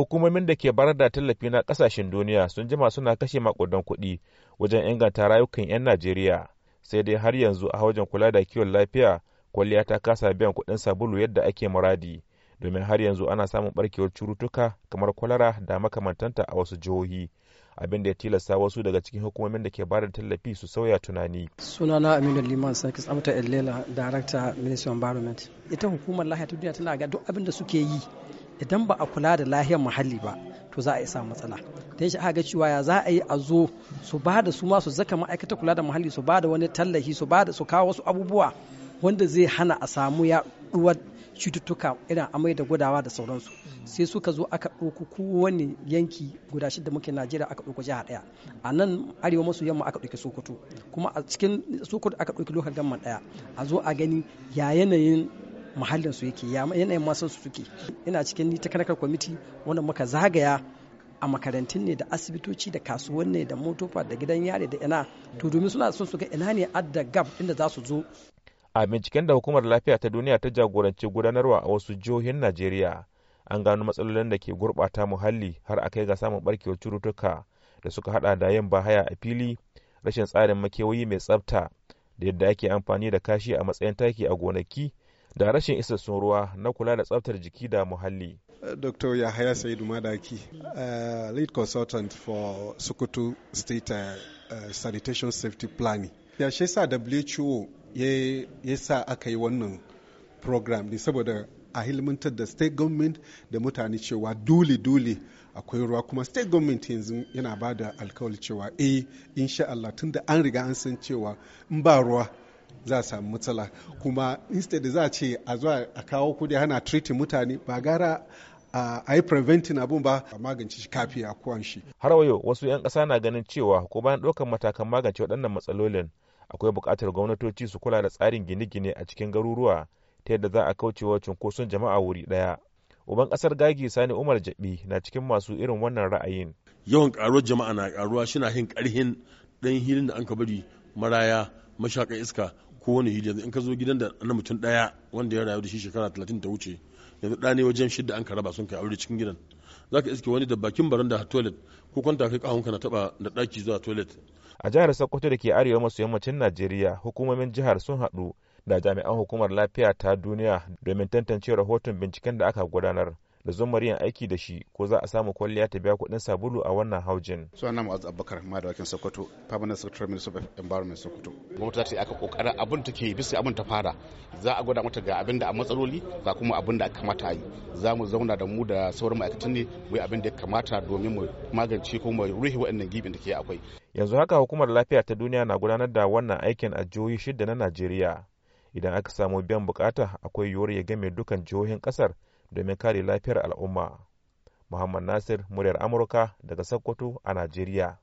hukumomin da ke barar da tallafi na kasashen duniya sun jima suna kashe makudan kuɗi wajen inganta rayukan 'yan najeriya sai dai har yanzu a wajen kula da kiwon lafiya kwalliya ta kasa biyan kuɗin sabulu yadda ake muradi domin har yanzu ana samun barkewar cututtuka kamar kwalara da makamantanta a wasu jihohi abin da ya tilasta wasu daga cikin hukumomin da ke bada da tallafi su sauya tunani. Sunana Aminu Liman Sarkis Amta Elela, Director Ministry Environment. Ita hukumar lahiya ta duniya tana ga duk abin da suke yi idan ba a kula da lahiyar muhalli ba to za a isa matsala don shi aka ga cewa ya za a yi a zo su ba da su masu su zaka ma'aikata kula da muhalli su ba da wani tallahi su ba da su kawo wasu abubuwa wanda zai hana a samu yaɗuwar cututtuka irin amai da gudawa da sauransu sai suka zo aka ɗauko kowane yanki guda shida muke najeriya aka ɗauko jiha ɗaya a nan arewa maso yamma aka ɗauki sokoto kuma a cikin sokoto aka ɗauki lokacin gama ɗaya a zo a gani ya yanayin mahallin su yake yanayin masan su suke ina cikin ni technical committee wanda muka zagaya a makarantun ne da asibitoci da kasuwan ne da motofa da gidan yare da ina to domin suna son su ga ina ne adda gab inda za su zo a binciken da hukumar lafiya ta duniya ta jagoranci gudanarwa a wasu jihohin najeriya an gano matsalolin da ke gurɓata muhalli har a kai ga samun barkewar cututtuka da suka hada da yin bahaya a fili rashin tsarin makewayi mai tsafta da yadda ake amfani da kashi a matsayin taki a gonaki da rashin isassun ruwa na kula da tsaftar jiki da muhalli. Dr. Yahaya Sa'idu Madaki, uh, lead consultant for Sokoto State uh, uh Sanitation Safety Planning. Ya sa WHO ya sa aka yi wannan program ne saboda a hilmantar da state government da mutane cewa dole-dole akwai ruwa kuma state government yanzu yana ba da alkawali cewa eh insha Allah tunda an riga an san cewa in ba ruwa za a samu matsala kuma instead za a ce a zuwa a kawo kudi hana treating mutane ba gara a yi preventing abun ba a magance shi kafi a kuwan shi. Har wayo wasu 'yan kasa na ganin cewa ko bayan ɗaukar matakan magance waɗannan matsalolin akwai buƙatar gwamnatoci su kula da tsarin gine-gine a cikin garuruwa ta yadda za a wa cunkoson jama'a wuri daya Uban ƙasar Gagi Sani Umar Jabi na cikin masu irin wannan ra'ayin. Yawan ƙaruwar jama'a na ƙaruwa na hin karhin ɗan hilin da an ka bari maraya mashaka iska kowane hijira in ka zo gidan da na mutum daya wanda ya rayu da shi shekara 30 ta wuce yanzu da ne wajen shidda an raba sun kai aure cikin gidan za ka iske wani da bakin baranda a toilet ko kwanta kai kahon na taba da ɗaki zuwa toilet a jihar Sokoto da ke arewa maso yammacin Najeriya hukumomin jihar sun haɗu da jami'an hukumar lafiya ta duniya domin tantance rahoton binciken da aka gudanar da zumar yin aiki da shi ko za a samu kwalliya ta biya kuɗin sabulu a wannan haujin. Suna Mu'azz Abubakar wakin Sokoto, Permanent Secretary Minister of Environment Sokoto. Gwamnati za ta yi aka kokarin abin take bisa abin ta fara. Za a gwada mata ga abin da a matsaloli ga kuma abin da aka kamata a yi. Za mu zauna da mu da sauran ma'aikatan ne mu yi abin da ya kamata domin mu magance ko mu rufe waɗannan gibin da ke akwai. Yanzu haka hukumar lafiya ta duniya na gudanar da wannan aikin a jihohi shida na Najeriya. Idan aka samu biyan bukata akwai yiwuwar ya game dukan jihohin kasar domin kare lafiyar al'umma muhammad nasir muryar amurka daga sokoto a najeriya